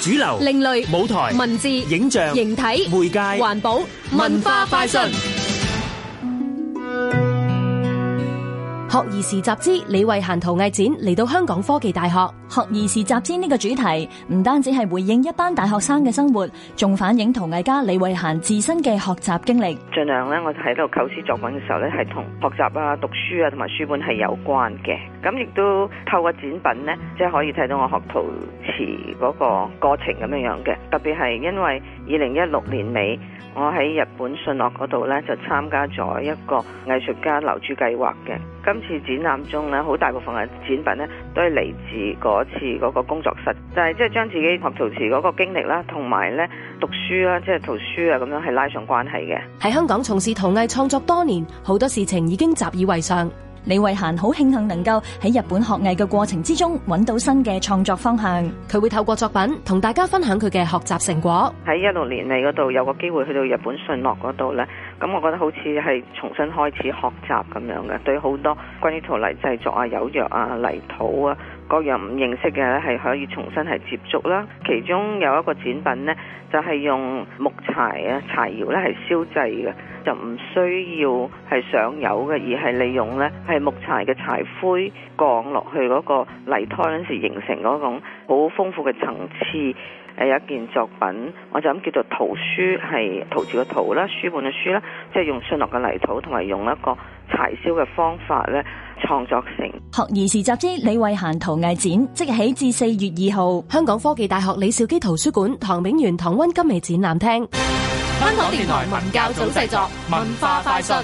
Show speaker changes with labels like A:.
A: 主流、另類、舞台、文字、影像、形體、媒介、環保、文化、快訊。學而時習之，李慧嫻陶藝展嚟到香港科技大學。學而時習之呢個主題唔單止係回應一班大學生嘅生活，仲反映陶藝家李慧嫻自身嘅學習經歷。
B: 盡量咧，我喺度構思作品嘅時候咧，係同學習啊、讀書啊同埋書本係有關嘅。咁亦都透過展品咧，即係可以睇到我學陶瓷嗰個過程咁樣樣嘅。特別係因為二零一六年尾，我喺日本信樂嗰度咧就參加咗一個藝術家留駐計劃嘅。咁次展覽中咧，好大部分嘅展品咧都係嚟自嗰次嗰個工作室，就係即係將自己學陶瓷嗰個經歷啦，同埋咧讀書啦，即係圖書啊咁樣係拉上關係嘅。
A: 喺香港從事陶藝創作多年，好多事情已經習以為常。李慧嫻好慶幸能夠喺日本學藝嘅過程之中，揾到新嘅創作方向。佢會透過作品同大家分享佢嘅學習成果。
B: 喺一六年嚟嗰度有個機會去到日本信樂嗰度咧。咁我覺得好似係重新開始學習咁樣嘅，對好多關於陶泥製作啊、釉藥啊、泥土啊各樣唔認識嘅咧，係可以重新係接觸啦。其中有一個展品呢，就係、是、用木柴啊、柴窯咧係燒製嘅。就唔需要係上油嘅，而係利用咧係木柴嘅柴灰降落去嗰個泥胎嗰陣時形成嗰種好豐富嘅層次。誒，有一件作品，我就咁叫做陶書，係陶瓷嘅陶啦，書本嘅書啦，即係用信樂嘅泥土同埋用一個柴燒嘅方法咧，創作成。
A: 學而時習之，李慧嫻陶藝展即日起至四月二號，香港科技大學李兆基圖書館唐炳源唐温金美展覽廳。香
B: 港電台文教組製作，文化快訊。